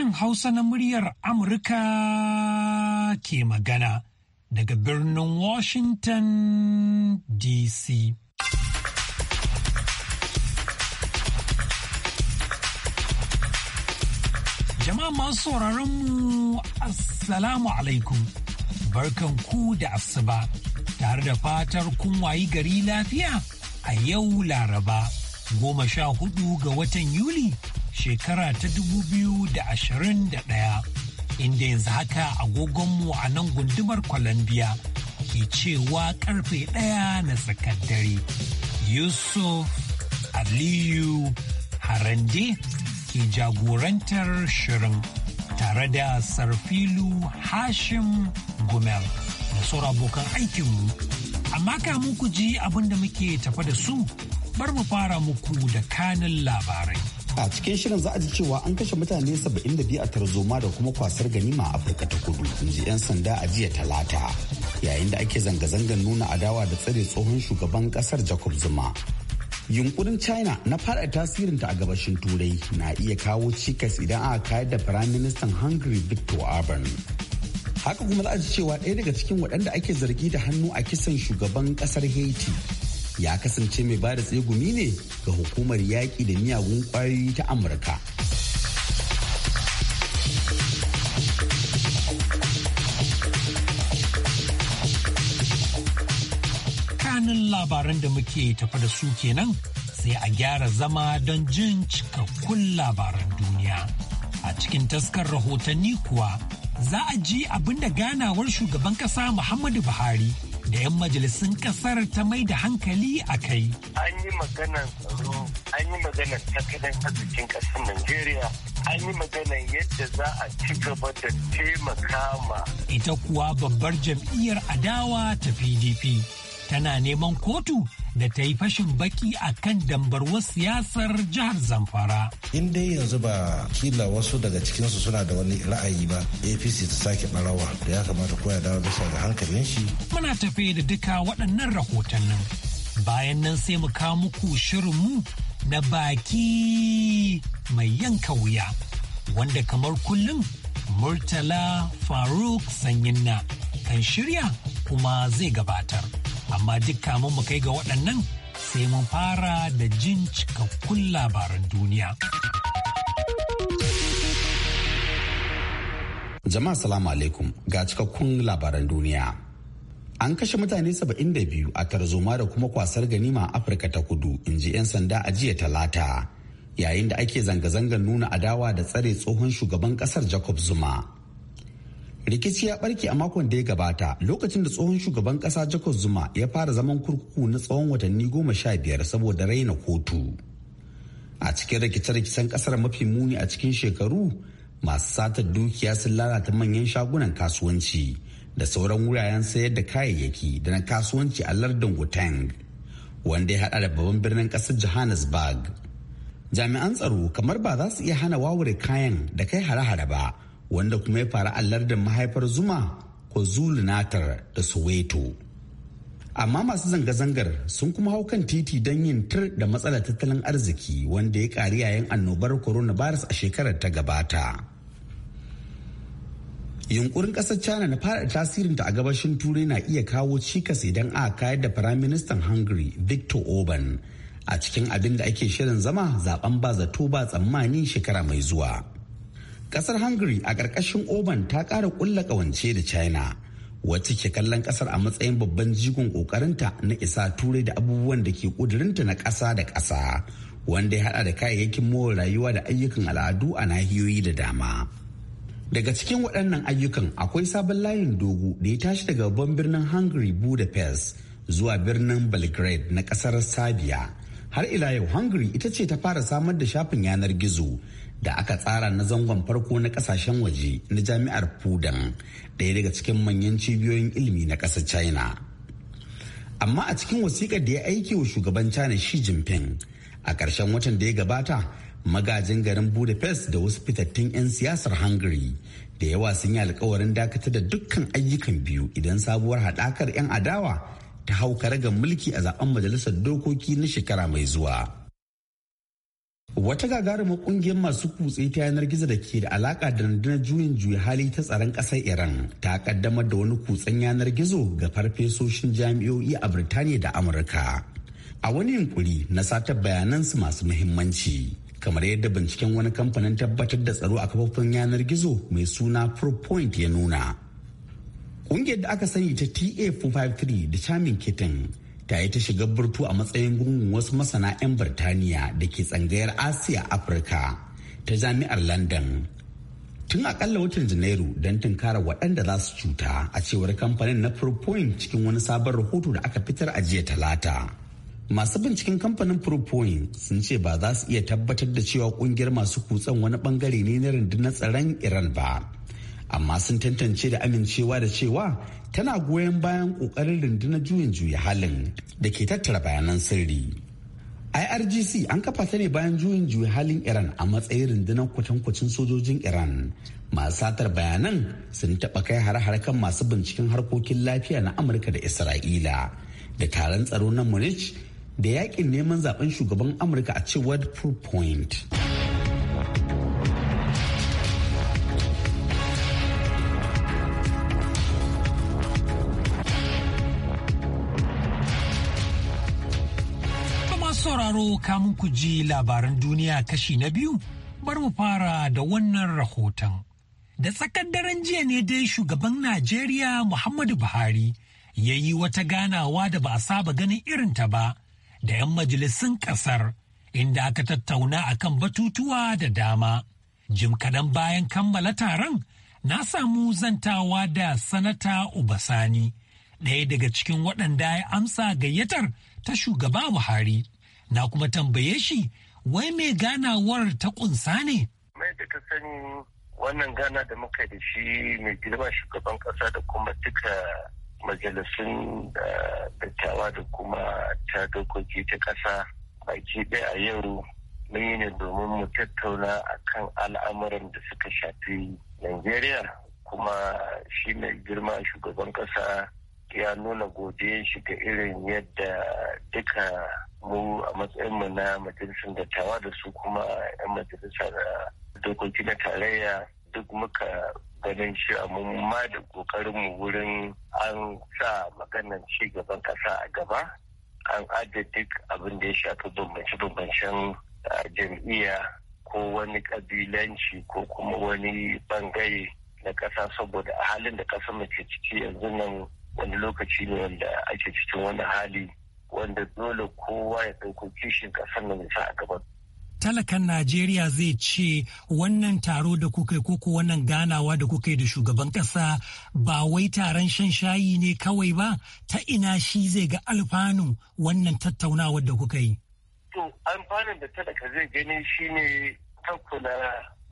sashen Hausa na muryar Amurka ke magana daga birnin Washington DC. Jama'a masu sauraron Assalamu alaikum, barkan ku da asuba tare da fatar kun wayi gari lafiya a yau Laraba goma sha hudu ga watan Yuli shekara ta 2021 inda yanzu haka agogonmu a nan gundumar Colombia ke cewa karfe ɗaya na tsakar dare. Yusuf Aliyu Harande ke jagorantar shirin tare da Sarfilu Hashim Gumel da sauran abokan aikinmu. Amma kamin ku ji abinda muke tafa da su bar mu fara muku da kanin labarai. a cikin shirin za a ji cewa an kashe mutane 72 a tarzoma da kuma kwasar ganima a afirka ta kudu inji 'yan sanda a jiya talata yayin da ake zanga zangan nuna adawa da tsare tsohon shugaban kasar jacob zuma yunkurin china na fada tasirinta a gabashin turai na iya kawo cikas idan aka kayar da firaministan hungary victor orban haka kuma za a ji cewa ɗaya daga cikin waɗanda ake zargi da hannu a kisan shugaban ƙasar haiti ya kasance mai bada tsegumi ne ga hukumar yaƙi da miyagun ƙwayoyi ta amurka kanin labaran da muke tafa da su kenan sai a gyara zama don jin cikakkun labaran duniya a cikin taskar rahotanni kuwa za a ji abin da ganawar shugaban ƙasa muhammadu buhari da 'yan majalisun kasar ta mai da hankali a kai. An yi maganan tsaro, an yi maganan tattalin arzikin ƙasar Najeriya, an yi maganan yadda za a ci gaba da taimaka ma. Ita kuwa babbar jam'iyyar adawa ta PDP tana neman kotu da ta yi fashin baki a kan dambarwar siyasar jihar Zamfara. In dai yanzu ba kila wasu daga cikinsu suna da wani ra'ayi ba APC ta sake barawa da ya kamata koya dawo bisa ga hankalin shi. Muna tafe da duka waɗannan rahotannin. Bayan nan sai mu kawo muku mu na baki mai yanka wuya wanda kamar kullum Murtala Faruk Sanyinna kan shirya kuma zai gabatar. Amma duk kamun mu kai ga waɗannan sai mun fara da jin cikakkun labaran duniya. Jama'a salamu alaikum ga cikakkun labaran duniya. an kashe mutane 72 a tarzoma da kuma kwasar ganima a afirka ta kudu in ji 'yan sanda a jiya talata yayin da ake zanga-zangar nuna adawa da tsare tsohon shugaban kasar jacob zuma rikici ya barke a makon da ya gabata lokacin da tsohon shugaban kasa jacob zuma ya fara zaman kurkuku na tsawon watanni goma sha biyar saboda raina kotu a cikin rikice-rikicen kasar mafi muni a cikin shekaru masu satar dukiya sun lalata manyan shagunan kasuwanci da sauran wuraren sayar da kayayyaki da na kasuwanci a lardin Wuteng. wanda ya hada da babban birnin kasar Johannesburg. Jami'an tsaro kamar ba za su iya hana wawure kayan da kai hare-hare ba wanda kuma ya faru a lardin mahaifar zuma ko zulu natar da soweto amma masu zanga-zangar sun kuma hau kan titi don yin tur da matsalar tattalin arziki wanda ya ƙari yayin annobar coronavirus a shekarar ta gabata yunkurin ƙasar china na fara tasirinta a gabashin turai na iya kawo cikas idan a kayar da firaministan hungary victor orban a cikin abin da ake shirin zama zaben ba zato ba tsammani shekara mai zuwa. kasar hungary a ƙarƙashin oban ta ƙara ƙulla ƙawance da china wacce ke kallon kasar a matsayin babban jigon ƙoƙarinta na isa turai da abubuwan da ke ƙudurinta na ƙasa da ƙasa wanda ya haɗa da kayayyakin more rayuwa da ayyukan al'adu a nahiyoyi da dama daga cikin waɗannan ayyukan akwai sabon layin dogo da ya tashi daga babban birnin hungary budapest zuwa birnin belgrade na ƙasar serbia har ila yau hungary ita ce ta fara samar da shafin yanar gizo da aka tsara na zangon farko na kasashen waje na jami'ar Fudan ɗaya daga cikin manyan cibiyoyin ilimi na ƙasar China. Amma a cikin wasikar da ya aiki wa shugaban China Xi Jinping a ƙarshen watan da ya gabata magajin garin Budapest da wasu fitattun 'yan siyasar Hungary da yawa sun yi alkawarin dakatar da dukkan ayyukan biyu idan sabuwar haɗakar 'yan adawa ta hau ga mulki a zaben majalisar dokoki na shekara mai zuwa. Wata gagarumar kungiyar masu kutse ta yanar gizo da ke da alaka da rundunar juyin juya hali ta tsaron ƙasar Iran ta kaddamar da wani kutsen yanar gizo ga farfesoshin jami'o'i a Birtaniya da Amurka. A wani yunkuri na satar bayanansu masu muhimmanci. Kamar yadda binciken wani kamfanin tabbatar da tsaro a kafofin yanar gizo mai suna ProPoint ya nuna. Kungiyar da aka sani ta TA453 da Chamin Kitten ta yi ta shiga burtu a matsayin gungun wasu masana 'yan Birtaniya da ke tsangayar Asiya Afirka ta jami'ar London. Tun akalla watan Janairu don tunkara waɗanda za su cuta a cewar kamfanin na Propoint cikin wani sabon rahoto da aka fitar a jiya talata. Masu binciken kamfanin Propoint sun ce ba za su iya tabbatar da cewa kungiyar masu kutsan wani bangare ne na rundunar tsaron Iran ba. Amma sun tantance da amincewa da cewa tana goyon bayan kokarin rundunar juyin juya halin da ke tattara bayanan sirri irgc an kafa ta ne bayan juyin juya halin iran a matsayin rundunar kwatankwacin sojojin iran masu satar bayanan sun taɓa kai har-har kan masu binciken harkokin lafiya na amurka da isra'ila da taron tsaro na munich da yakin neman zaben shugaban amurka a cewar proof point sauraro kamun ku ji labaran duniya kashi na biyu bar mu fara da wannan rahoton. Da tsakar daren jiya ne dai shugaban Najeriya Muhammadu Buhari ya yi wata ganawa da ba a saba ganin irin ta ba da 'yan majalisun ƙasar inda aka tattauna akan batutuwa da dama. Jim kaɗan bayan kammala taron na samu zantawa da sanata Ubasani, ɗaya daga cikin waɗanda ya amsa gayyatar ta shugaba Buhari. na kuma tambaye shi wai mai ganawar ta kunsa ne. Mai da ka sani wannan gana da muka da shi mai girma shugaban kasa da kuma duka majalisun dattawa da kuma ta dokoki ta kasa baki ɗaya a yau mun yi ne domin mu tattauna a kan al'amuran da suka shafi Najeriya kuma shi mai girma shugaban kasa ya nuna godiyar shi ga irin yadda duka mu a matsayinmu na majalisar dattawa da su kuma 'yan majalisar eh, dokoki na tarayya duk muka ganin shi mun ma da kokarinmu wurin an sa maganar ci gaban kasa a gaba an ajiye duk abin da ya shafi bambance-bambancen eh, jam'iyya ko wani kabilanci ko kuma wani bangare na kasa saboda a halin da kasa mace ciki yanzu nan wani lokaci ne wanda ake cikin wani hali wanda dole kowa ya ɗauko kishin ƙasar nan sa a gaba. Talakan Najeriya zai ce wannan taro da kuka yi koko wannan ganawa da kuka yi da shugaban ƙasa ba wai taron shan shayi ne kawai ba ta ina shi zai ga alfanu wannan tattaunawar da kuka yi. To, amfanin da talaka zai gani shi ne tattuna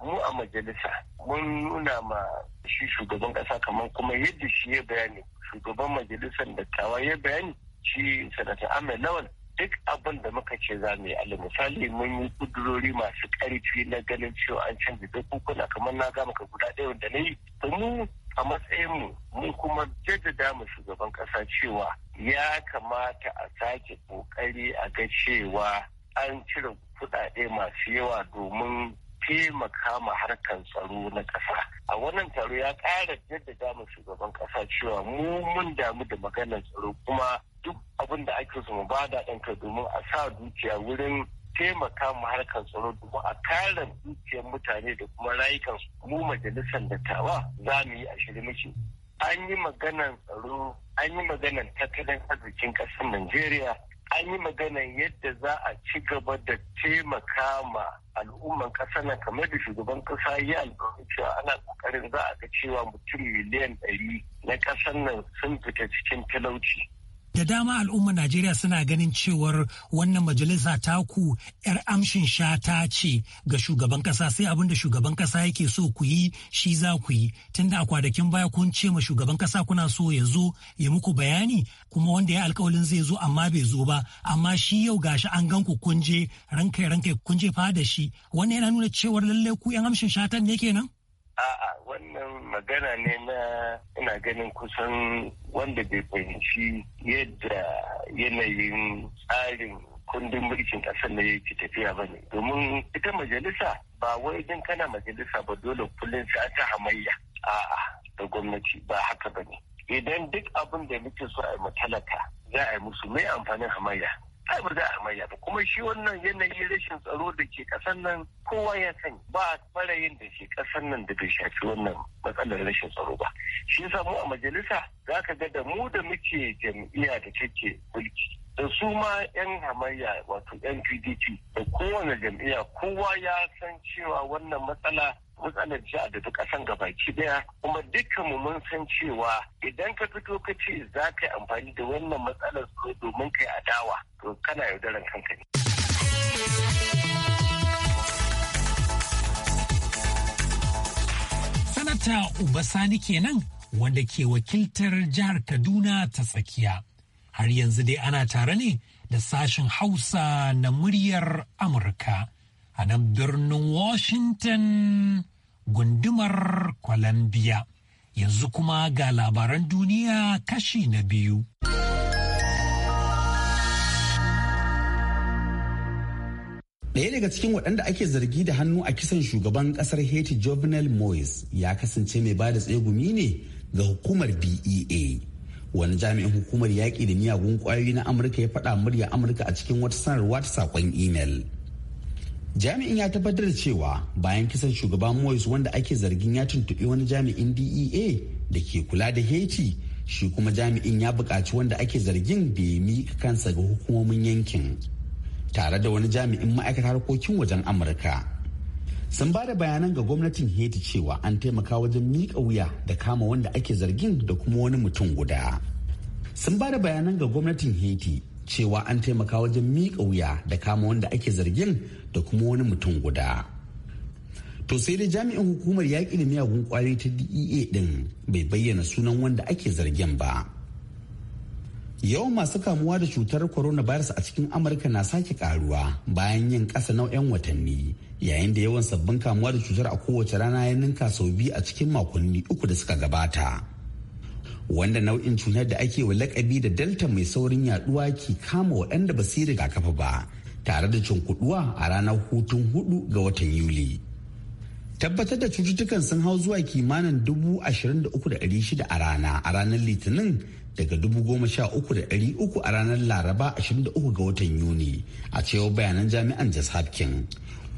mu a majalisa mun nuna ma shi shugaban kasa kamar kuma yadda shi ya bayani shugaban majalisar dattawa ya bayani shi sanata ahmed lawal duk abin da muka ce za mu yi ala misali mun yi kudurori masu karfi na ganin cewa an canza dokokuna kamar na ga maka guda ɗaya da na yi mu a matsayin mu mun kuma jaddada mu shugaban kasa cewa ya kamata a sake kokari a ga cewa an cire kuɗaɗe masu yawa domin taimaka ma harkar tsaro na ƙasa. A wannan taro ya ƙara jaddada mu shugaban ƙasa cewa mu mun damu da maganar tsaro kuma duk abin da ake so mu ba da ɗanka domin a sa dukiya wurin taimaka mu harkar tsaro domin a kare dukiyar mutane da kuma rayukan mu majalisar dattawa za mu yi a shirye muke. An yi maganar tsaro, an yi maganar tattalin arzikin ƙasar Najeriya, an yi maganan yadda za a ci gaba da taimaka ma al'umman ƙasa nan kamar da shugaban ƙasa ya alƙawarin cewa ana ƙoƙarin za a ga cewa mutum miliyan ɗari na ƙasar nan sun fita cikin talauci da dama al'ummar Najeriya suna ganin cewar wannan majalisa taku 'yar amshin shata ce ga shugaban kasa sai abin da shugaban kasa yake so ku yi shi za ku yi tunda a kwadakin baya kun ce ma shugaban kasa kuna so ya zo ya muku bayani kuma wanda ya alkawalin zai zo amma bai zo ba amma shi yau gashi an gan ku kun je rankai rankai kun fa da shi wannan yana nuna cewar lallai ku 'yan amshin shatan ne kenan. A'a wannan magana ne na ina ganin kusan wanda bai fahimci yadda yanayin tsarin kundin mulkin ƙasar da yake tafiya ba ne domin ita majalisa ba wai din kana majalisa ba dole kullum sai ta hamayya a'a da gwamnati ba haka ba ne idan duk abin da muke so a yi matalaka za a yi musu mai amfanin hamayya ai ba za a maya ba kuma shi wannan yanayin rashin tsaro da ke kasan nan kowa ya sani ba yin da ke kasan nan da bai shafi wannan matsalar rashin tsaro ba shi yasa mu a majalisa za ka ga da mu da muke jam'iyya da take mulki da su ma 'yan hamayya wato 'yan pdp da kowane jam'iyya kowa ya san cewa wannan matsala matsalar jiha da duk ƙasan gabaki daya kuma dukkan mu mun san cewa idan ka fito ka ce za ka yi amfani da wannan matsalar su domin kai adawa to kana yaudaran kanka ne. Sanata Uba Ubasani kenan wanda ke wakiltar jihar Kaduna ta tsakiya. Har yanzu dai ana tare ne da sashen Hausa na muryar Amurka. a nan birnin Washington gundumar Columbia. Yanzu kuma ga labaran duniya kashi na biyu. Ɗaya daga cikin waɗanda ake zargi da hannu a kisan shugaban ƙasar Haiti Jovenel Moise ya kasance mai bada tsegumi ne ga hukumar DEA. Wani jami'in hukumar yaƙi da miyagun ƙwayoyi na Amurka ya faɗa murya Amurka a cikin wata sanarwa ta saƙon imel. jami'in ya tabbatar da cewa bayan kisan shugaban moyes wanda ake zargin ya tuntuɓi wani jami'in dea da ke kula da haiti shi kuma jami'in ya buƙaci wanda ake zargin da ya miƙa kansa ga hukumomin yankin tare da wani jami'in ma'aikatar harkokin wajen amurka sun ba da bayanan ga gwamnatin haiti cewa an taimaka wajen miƙa wuya da kama wanda ake zargin da kuma wani mutum guda sun ba da bayanan ga gwamnatin haiti cewa an taimaka wajen miƙa wuya da kama wanda ake zargin da kuma wani mutum guda. To sai dai jami'in hukumar yaƙi da miyagun ƙwari ta DEA ɗin bai bayyana sunan wanda ake zargin ba. Yawan masu kamuwa da cutar corona coronavirus a cikin Amurka na sake karuwa bayan yin ƙasa nau'yan watanni yayin da yawan sabbin kamuwa da cutar a kowace rana ya ninka sau biyu a cikin makonni uku da suka gabata. wanda nau'in cutar da ake wa lakabi da delta mai saurin yaduwa ke kama waɗanda ba su rigakafi ba tare da cunkuduwa a ranar hutun hudu ga watan yuli tabbatar da cututtukan sun hau zuwa kimanin dubu ashirin da uku da ɗari shida a rana a ranar litinin daga dubu goma sha uku da ɗari uku a ranar laraba ashirin da uku ga watan yuni a cewar bayanan jami'an jas hapkin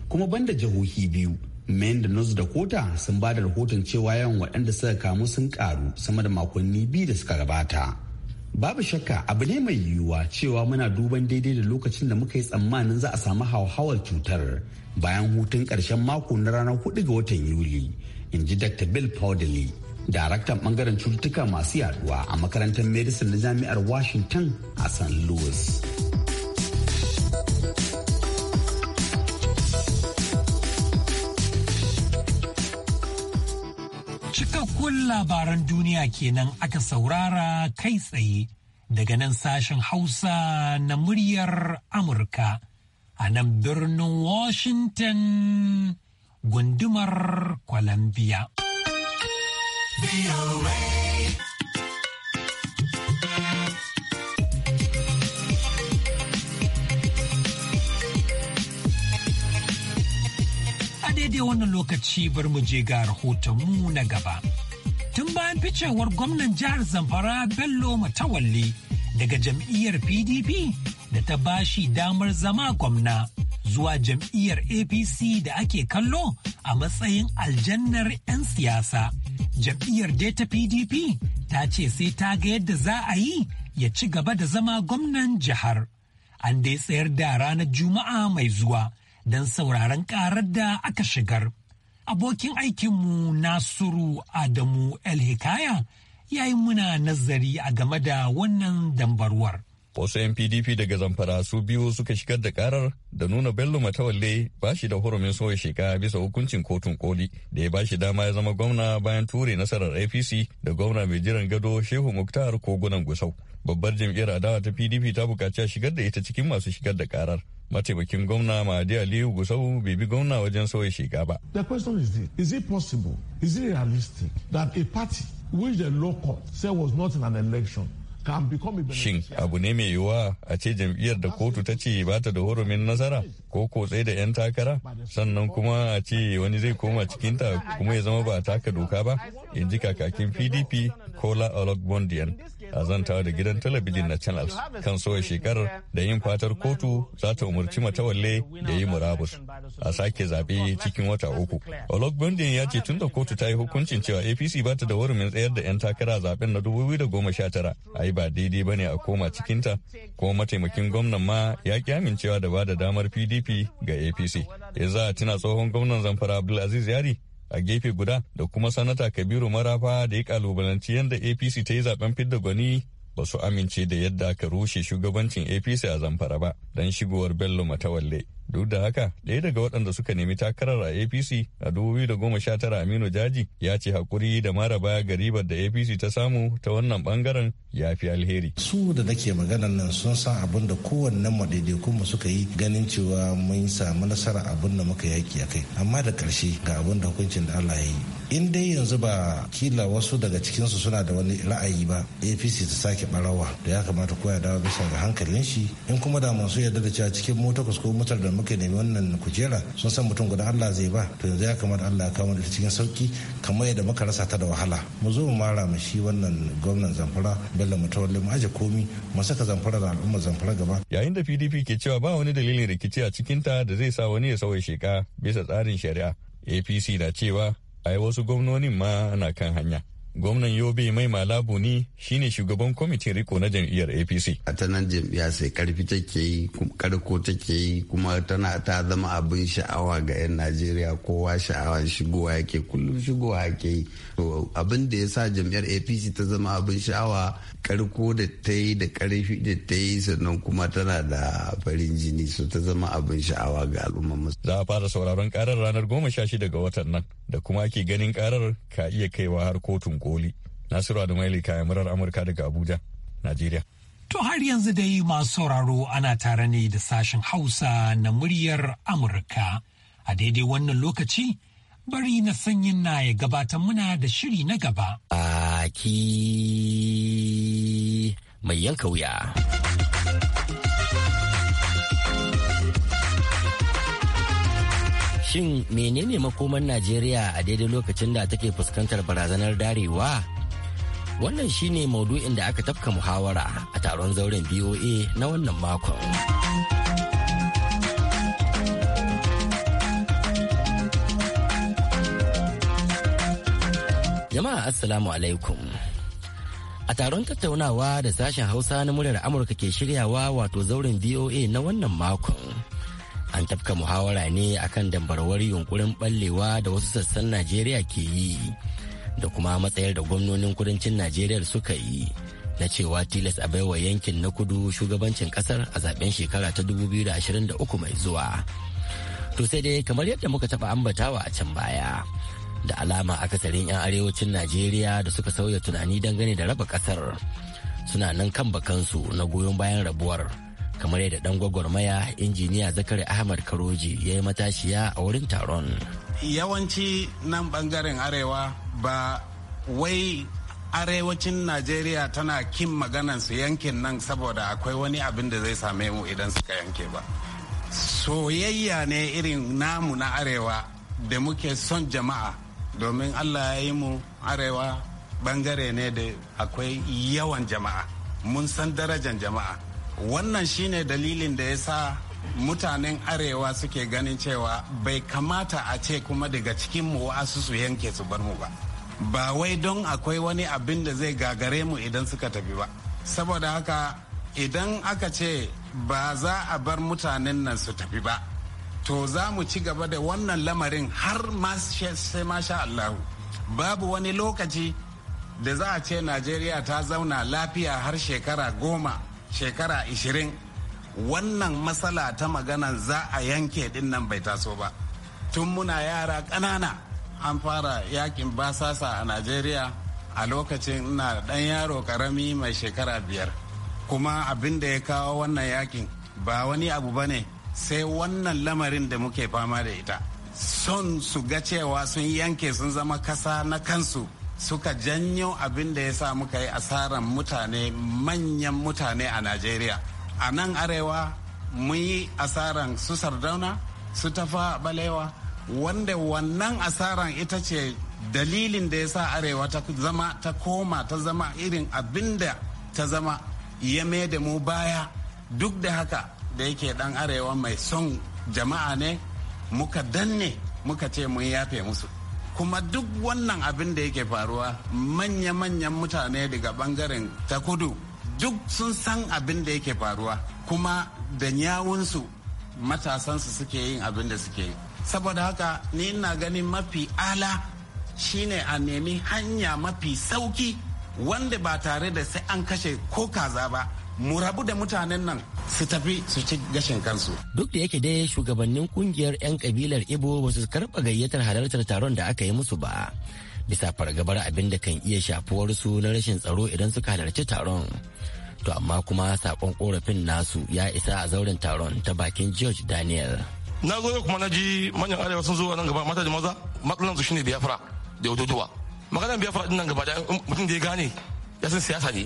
kuma banda jihohi biyu Mendonos da Kota sun ba da rahoton cewa yawan waɗanda suka kamu sun karu sama da makonni biyu da suka gabata. Babu shakka abu ne mai yiwuwa cewa muna duban daidai da lokacin da muka yi tsammanin za a samu hauhawar cutar bayan hutun ƙarshen mako na ranar 4 ga watan Yuli, in ji Dr. Bill Powderly, daraktan bangaren cututtuka masu yaduwa a makarantar medicine na jami'ar Washington a St. Louis. labaran duniya kenan aka saurara kai tsaye daga nan sashen Hausa na muryar Amurka a nan birnin Washington gundumar Columbia. daidai wannan lokaci bar mu je ga rahoton mu na gaba. tun bayan ficewar gwamnan jihar zamfara bello matawalle daga jam'iyyar pdp da ta bashi damar zama gwamna zuwa jam'iyyar apc da ake kallo a matsayin aljannar 'yan siyasa jam'iyyar data pdp ta ce sai ta ga yadda za a yi ya ci gaba da zama gwamnan jihar an dai tsayar da ranar juma'a mai zuwa don sauraron karar da aka shigar abokin aikinmu Nasiru Adamu El Hikaya ya yi muna nazari a game da wannan dambarwar. wasu 'yan pdp daga zamfara su biyu suka shigar da karar da nuna bello matawalle ba shi da hurumin soya sheka bisa hukuncin kotun koli da ya ba shi dama ya zama gwamna bayan ture nasarar apc da gwamna mai jiran gado shehu muktar kogunan gusau babbar jam'iyyar adawa ta pdp ta bukaci a shigar da ita cikin masu shigar da karar mataimakin gwamna Mahadi Aliyu Gusau bai bi gwamna wajen sauya shiga ba. The question is this, is it possible, is it realistic that a party which the law court said was not in an election Shin abu ne mai yiwuwa a ce jam'iyyar da kotu ta ce ba ta da horumin nasara ko kotsai da 'yan takara sannan kuma a ce wani zai koma cikinta kuma ya zama ba a taka doka ba in ji kakakin PDP Kola Ologbondiyan a zantawa da gidan talabijin na channels kan soya shekarar da yin fatar kotu za ta umarci matawalle da yi murabus a sake zaɓe cikin wata uku. olog Ologbondin ya ce tun da kotu ta yi hukuncin cewa APC ba ta da warumin tsayar da 'yan takara zaben na da goma 2019 a yi ba daidai ba ne a koma cikinta kuma mataimakin gwamnan ma ya ki amincewa da ba da damar PDP ga APC. Ya za a tuna tsohon gwamnan Zamfara Abdulaziz Yari a gefe guda da kuma sanata kabiru marafa da ya kalubalanci yadda apc ta yi zaben fidda gwani ba su amince da yadda aka rushe shugabancin apc a zamfara ba don shigowar bello matawalle Duk da haka, ɗaya daga waɗanda suka nemi takarar a APC a 2019 Aminu Jaji ya ce hakuri da mara baya ga da APC ta samu ta wannan bangaren ya fi alheri. Su da nake maganar nan sun san abun da kowanne mu kuma suka yi ganin cewa mun samu nasara abin da muka yaki a kai. Amma da ƙarshe ga abin da hukuncin da Allah ya yi. In dai yanzu ba kila wasu daga cikinsu suna da wani ra'ayi ba APC ta sake barawa da ya kamata ko ya dawo bisa ga hankalin shi in kuma da masu yarda da cewa cikin mu takwas ko mutar da muka nemi wannan kujera sun san mutum guda Allah zai ba to yanzu ya kamata Allah ya kawo da cikin sauki kamar yadda muka rasa ta da wahala mu zo mu mara mu shi wannan gwamnan Zamfara Bello Mutawalle mu aje komi mu saka Zamfara da al'umma Zamfara gaba yayin da PDP ke cewa ba wani dalilin rikici a cikin ta da zai sa wani ya sauya sheka bisa tsarin shari'a APC na cewa ai wasu gwamnonin ma na kan hanya gwamnan yobe mai malabu ne shine shugaban kwamitin riko na jam'iyyar apc a ta nan jam'iyya sai karfi take yi karko take yi kuma tana ta zama abin sha'awa ga 'yan najeriya kowa sha'awa shigowa yake kullum shigowa yake yi abin da ya sa jam'iyyar apc ta zama abin sha'awa karko da ta yi da karfi da ta yi sannan kuma tana da farin jini so ta zama abin sha'awa ga al'umma al'ummar za a fara sauraron karar ranar goma sha shida ga watan nan da kuma ake ganin karar ka iya kaiwa har kotun koli. Nasiru Adamaili kayan murar Amurka daga Abuja, Najeriya. To har yanzu dai masu sauraro ana tare ne da sashen Hausa na muryar Amurka. A daidai wannan lokaci, bari na sanyin na ya gabata muna da shiri na gaba. Baki mai yanka wuya. Shin menene makoman Najeriya a daidai lokacin da take fuskantar barazanar darewa? Wannan shine maudu'in da aka tafka muhawara a taron zauren BOA na wannan makon. Jama'a Assalamu alaikum. A taron tattaunawa da sashen Hausa na muryar Amurka ke shiryawa wato zauren BOA na wannan makon. an tafka muhawara ne akan dambarwar yunkurin ballewa da wasu sassan najeriya ke yi da kuma matsayar da gwamnonin kudancin najeriya suka yi na cewa tilas a baiwa yankin na kudu shugabancin kasar a zaben shekara ta 2023 mai zuwa to sai dai kamar yadda muka taba ambatawa a can baya da alama akasarin 'yan arewacin najeriya da suka sauya tunani dangane da raba kasar suna nan kan bakansu na goyon bayan rabuwar kamar yadda dan gwagwarmaya injiniya zakari ahmad karoji ya yi matashiya a wurin taron yawanci nan bangaren arewa ba wai arewacin najeriya tana kin su yankin nan saboda akwai wani abin da zai same mu idan suka yanke ba soyayya ne irin namu na arewa da muke son jama'a domin allah ya yi mu arewa bangare ne da akwai yawan jama'a mun san darajan jama'a wannan shine dalilin da ya sa mutanen arewa suke ganin cewa bai kamata a ce kuma daga cikin mu wasu su yanke su bar mu ba ba wai don akwai wani abin da zai gagare mu idan suka tafi ba saboda haka idan aka ce ba za a bar mutanen nan su tafi ba to za mu ci gaba da wannan lamarin har sai masha Allahu babu wani lokaci da za a ce najeriya ta zauna lafiya har shekara goma shekara 20 wannan matsala ta magana za a yanke din nan bai taso ba tun muna yara ƙanana an fara yakin basasa a najeriya a lokacin na ɗan yaro ƙarami mai shekara biyar kuma abin da ya kawo wannan yakin ba wani abu ba ne sai wannan lamarin da muke fama da ita son su ga cewa sun yanke sun zama kasa na kansu suka janyo abin da ya sa muka yi asaran mutane manyan mutane a najeriya a nan arewa mun yi asaran su sardauna su tafa balewa wanda wannan asaran ita ce dalilin da ya sa arewa ta zama ta koma ta zama irin abin da ta zama ya da mu baya duk da haka da yake dan arewa mai son jama'a ne muka danne muka ce mun yafe musu kuma duk wannan abin da yake faruwa manya-manyan mutane daga bangaren ta kudu duk sun san abin da yake faruwa kuma da yawunsu matasansu suke yin abin da suke yi saboda haka ni ina ganin mafi ala shine a nemi hanya mafi sauki wanda ba tare da sai an kashe ko kaza ba mu rabu da mutanen nan su tafi su ci gashin kansu. Duk da yake dai shugabannin kungiyar 'yan kabilar Ibo ba su karɓa gayyatar halartar taron da aka yi musu ba. Bisa fargabar abin da kan iya shafuwar su na rashin tsaro idan suka halarci taron. To amma kuma sakon korafin nasu ya isa a zauren taron ta bakin George Daniel. Na zo kuma na ji manyan arewa sun zo nan gaba mata da maza matsalan su shine biyafra da yototuwa. magana biyafra din nan gaba da mutum da ya gane ya san siyasa ne.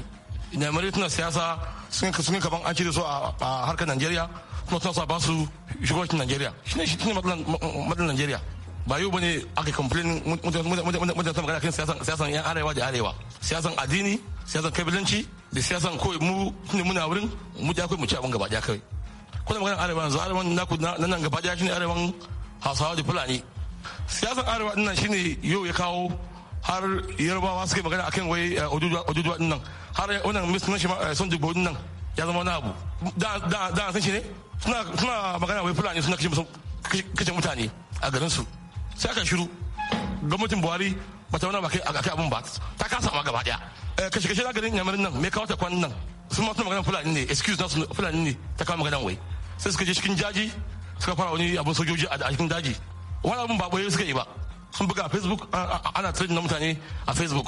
nemarai tuna siyasa sun ka sun ka ban an cire su a harkar najeriya kuma suna sa ba su shigo cikin najeriya shi ne shi ne matsalar najeriya ba yau bane aka complain mutane ta magana kan siyasan yan arewa da arewa siyasan addini siyasan kabilanci da siyasan kawai mu ne muna wurin mu ja kai mu ci abin gaba ja kai kuna magana arewa yanzu arewa na ku na nan gaba ja shine arewan hausawa da fulani siyasan arewa din nan ne yau ya kawo har yarbawa suka magana akan wai ojujuwa din nan har wannan nan shi eh, son dubu nan ya zama wani abu da san shi ne suna suna magana wai fulani suna kashe mutane a garin su sai aka shiru gwamnatin buhari ba ta wani ba kai abun ba ta kasa ma gaba daya eh, kashe kashe na garin yamarin nan me kawo ta kwanan nan sun ma suna magana fulani ne excuse na fulani ne ta kawo magana wai sai suka je cikin jaji suka fara wani abun sojoji a cikin daji wani abun ba boye suka yi ba sun buga a facebook ana trade na mutane a facebook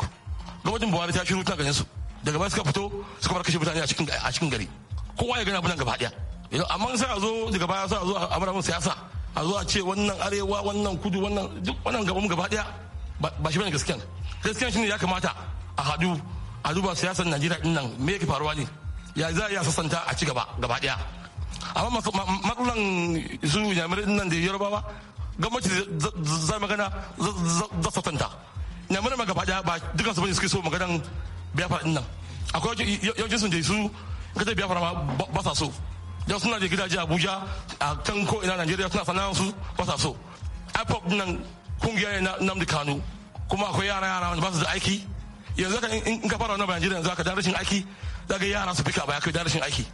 gwamnatin buhari ta shiru ta ganin su daga baya suka fito suka bar kashe mutane a cikin gari kowa ya gana nan gaba daya amma sai a zo daga baya sai a zo a amara siyasa a zo a ce wannan arewa wannan kudu wannan duk wannan mu gaba daya ba shi bane gaskiyan gaskiyan shine ya kamata a hadu a duba siyasar Najeriya din nan me yake faruwa ne ya za ya sassanta a ci gaba gaba daya amma matsalan su din nan da yarubawa gwamnati za magana za sassanta yamirin ma gaba daya ba dukansu bane suke so maganan biyafara din nan akwai yawancin sun je su ka je biyafara ma ba sa so don suna da gidaje abuja a kan ko ina najeriya suna sana'ar su ba sa so ipop nan kungiya ne na namdi kanu kuma akwai yara yara wanda ba su da aiki yanzu ka in ka fara wannan bayan najeriya yanzu ka da rashin aiki za ga yara su fika baya kai da rashin aiki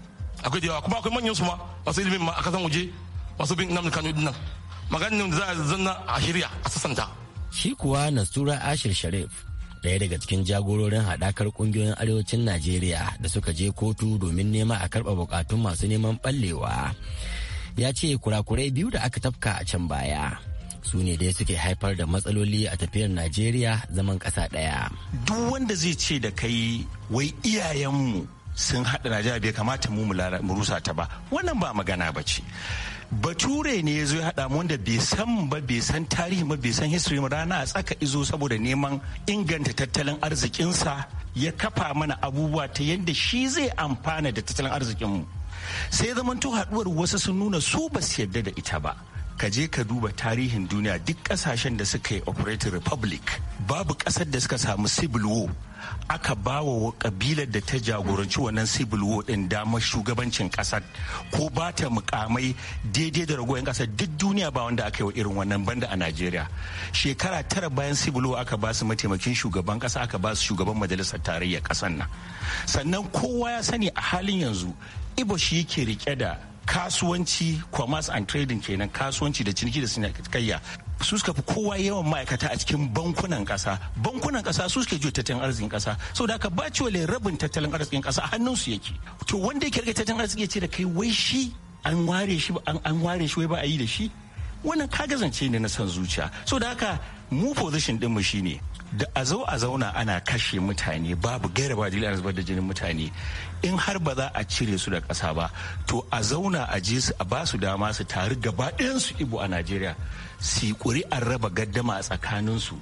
akwai da yawa kuma akwai manyan su ma masu ilimin ma a kasan waje masu bin namdi kanu din nan maganin da za a zanna a shirya a sassanta shi kuwa nasura ashir sharif Daya daga cikin jagororin haɗakar ƙungiyoyin arewacin najeriya da suka je kotu domin nema a karɓa buƙatun masu neman ɓallewa ya ce kurakurai biyu da aka tafka a can baya su ne dai suke haifar da matsaloli a tafiyar najeriya zaman ƙasa ɗaya duk wanda zai ce da kai wai iyayenmu sun haɗa najeriya bai kamata mu mu rusa ta ba wannan ba magana ba ce bature ne ya zo ya haɗa mu wanda bai san ba bai san tarihi ba bai san history ba rana a tsaka izo saboda neman inganta tattalin arzikinsa ya kafa mana abubuwa ta yadda shi zai amfana da tattalin arzikinmu sai zaman haɗuwar wasu sun nuna su ba su yarda da ita ba ka je ka duba tarihin duniya duk kasashen da suka yi operating republic babu kasar da suka samu civil war aka ba wa kabilar da ta jagoranci wannan civil war din damar shugabancin kasar ko ba ta mukamai daidai da ragowar kasar duk duniya ba wanda aka yi wa irin wannan banda a najeriya shekara tara bayan civil war aka ba su mataimakin shugaban kasa aka ba su shugaban majalisar tarayyar kasar nan sannan kowa ya sani a halin yanzu ibo shi yake rike da kasuwanci commerce and trading kenan kasuwanci da ciniki da sinikayya su suka fi kowa yawan ma'aikata a cikin bankunan kasa bankunan kasa su suke juya tattalin arzikin kasa sau da aka ba ciwale rabin tattalin arzikin kasa hannun su yake to wanda yake rage tattalin arziki ce da kai wai shi an ware shi an ware shi wai ba a yi da shi wannan kagazance ne na san zuciya sau da haka mu position shi shine da a zo a zauna ana kashe mutane babu gaira ba dalilin zubar da jinin mutane in har ba za a cire su da ƙasa ba to a zauna a je su a ba su dama su taru gaba su ibo a najeriya su yi ƙuri'ar raba gaddama a tsakanin su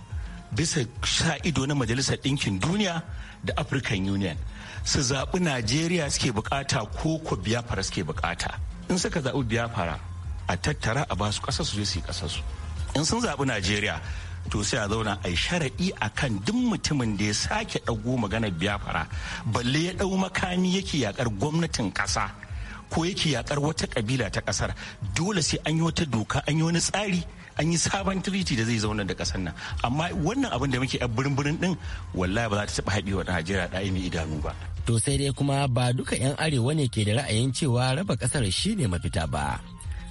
bisa sa ido na majalisar ɗinkin duniya da african union su zaɓi najeriya suke bukata ko ko biyafara suke bukata in suka zaɓi biyafara a tattara a ba su ƙasa su je su yi ƙasarsu in sun zaɓi najeriya to sai a zauna a sharaɗi a kan duk mutumin da ya sake ɗago maganar biyafara balle ya ɗau makami yake yakar gwamnatin ƙasa ko yake yakar wata ƙabila ta ƙasar dole sai an yi wata doka an yi wani tsari an yi sabon tiriti da zai zauna da ƙasar nan amma wannan abin da muke a birin din wallahi ba za ta taɓa haɗewa najeriya ɗa'imi idanu ba to sai dai kuma ba duka 'yan arewa ne ke da ra'ayin cewa raba ƙasar shine mafita ba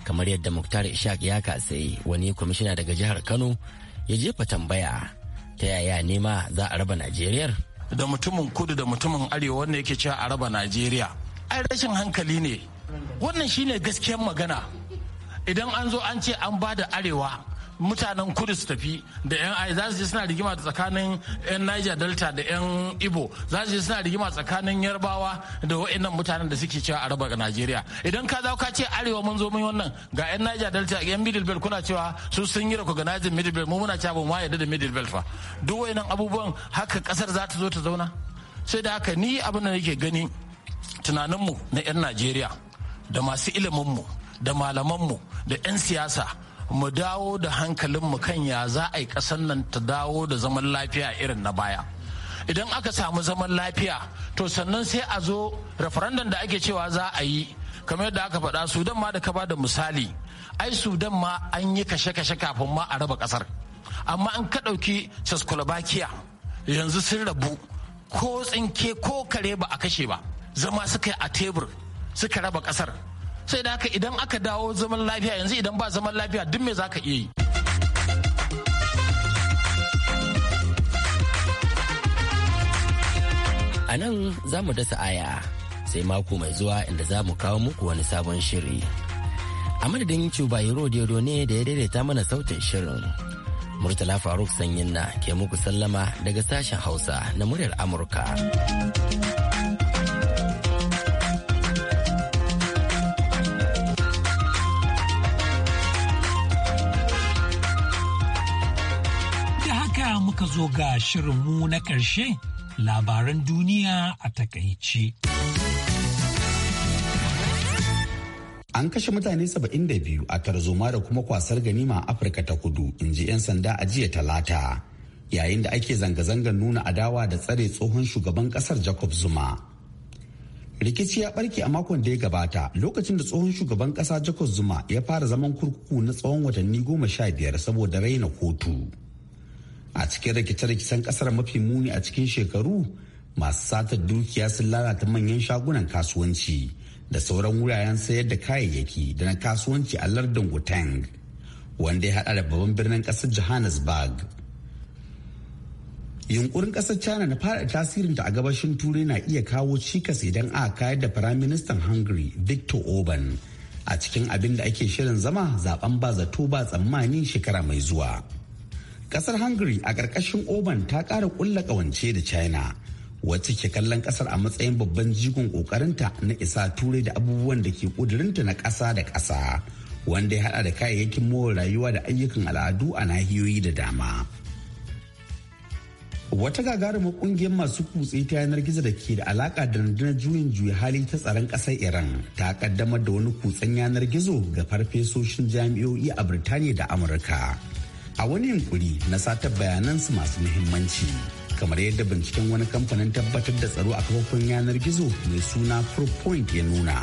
kamar yadda muktar ishaq ya kasai wani kwamishina daga jihar kano ya fa tambaya ta yaya nema za a raba Najeriyar? Da mutumin kudu da mutumin arewa wanda yake cewa a raba Najeriya. Ai rashin hankali ne. Wannan shine gaskiyar magana. Idan an zo an ce an ba da arewa mutanen kudu su tafi da yan ai za su je suna rigima tsakanin yan niger delta da yan ibo za su je suna rigima tsakanin yarbawa da wa'annan mutanen da suke cewa a ga najeriya idan ka zo ka ce arewa mun zo mun wannan ga yan niger delta yan middle belt kuna cewa su sun yi recognizing middle belt mu muna cewa ba mu yarda da middle belt fa duk wa'annan abubuwan haka kasar za ta zo ta zauna sai da haka ni abin da nake gani tunaninmu na 'yan najeriya da masu iliminmu da malamanmu da 'yan siyasa mu dawo da hankalin mu kan ya za a yi ƙasar nan ta dawo da zaman lafiya irin na baya idan aka samu zaman lafiya to sannan sai a zo referendum da ake cewa za a yi kamar yadda aka faɗa sudan ma da ka ba da misali ai sudan ma an yi kashe-kashe kafin ma a raba ƙasar amma an ka ɗauki saskolobakiya yanzu sun rabu ko tsinke ko kare ba a kashe ba zama suka yi a tebur suka raba ƙasar sai da haka idan aka dawo zaman lafiya yanzu idan ba zaman lafiya duk me zaka iya yi a nan za mu dasa aya sai mako mai zuwa inda za mu kawo muku wani sabon shiri a madadin cubayiro diodo ne da ya daidaita mana sautin shirin murtala faruk sanyin na ke muku sallama daga sashen hausa na muryar amurka muka zo ga shirinmu na ƙarshe labaran duniya a takaici. An kashe mutane 72 a tarzoma da kuma kwasar ganima a Afirka ta kudu, in ji 'yan sanda a jiya talata. Yayin da ake zanga-zangar nuna adawa da tsare tsohon shugaban kasar Jacob Zuma. rikici ya barke a makon da ya gabata lokacin da tsohon shugaban kasa jacob zuma ya fara zaman kurkuku na tsawon watanni goma sha biyar saboda raina kotu a cikin rikice-rikicen kasar mafi muni a cikin shekaru masu satar dukiya sun lalata manyan shagunan kasuwanci da sauran wuraren sayar da kayayyaki da na kasuwanci a lardin Gauteng wanda ya hada da babban birnin kasar Johannesburg. Yunkurin kasar China na fara tasirinta a gabashin Turai na iya kawo cikas idan aka kayar da Firaministan Hungary Viktor Orban a cikin abin da ake shirin zama zaben ba zato ba tsammani shekara mai zuwa. kasar hungary a ƙarƙashin oban ta ƙara ƙulla ƙawance da china wacce ke kallon kasar a matsayin babban jigon ƙoƙarinta na isa turai da abubuwan da ke ƙudurinta na ƙasa da ƙasa wanda ya haɗa da kayayyakin more rayuwa da ayyukan al'adu a nahiyoyi da dama wata gagarumar kungiyar masu kutse ta yanar gizo da ke da alaka da rundunar juyin juya hali ta tsaron kasar iran ta kaddamar da wani kutsen yanar gizo ga farfesoshin jami'o'i a birtaniya da amurka a wani yunkuri na satar bayanansu masu muhimmanci kamar yadda binciken wani kamfanin tabbatar da tsaro a kafofin yanar gizo mai suna proponent ya nuna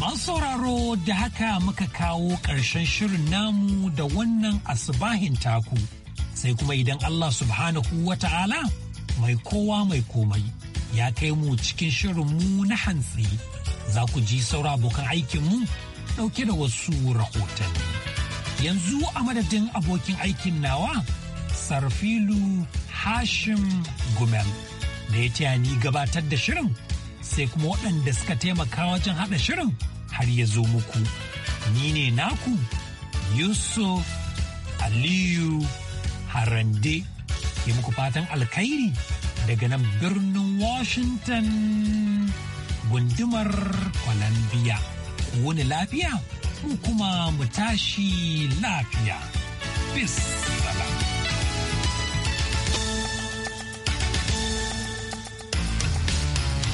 Ban sauraro da haka muka kawo ƙarshen shirin namu da wannan asibahin taku sai kuma idan allah subhanahu wa ta'ala mai kowa mai komai ya kai mu cikin shirin mu na hantsi za ku ji saura abokan aikinmu ɗauke da wasu rahotanni. Yanzu a madadin abokin aikin nawa, Sarfilu Hashim Gumel, da ya taya ni gabatar da shirin, sai kuma waɗanda suka taimaka wajen haɗa shirin har ya zo muku. Ni ne naku, Yusuf Aliyu Harande, ke muku fatan alkhairi daga nan birnin Washington. gundumar Columbia. Wuni lafiya? ku kuma mu tashi lafiya. Peace.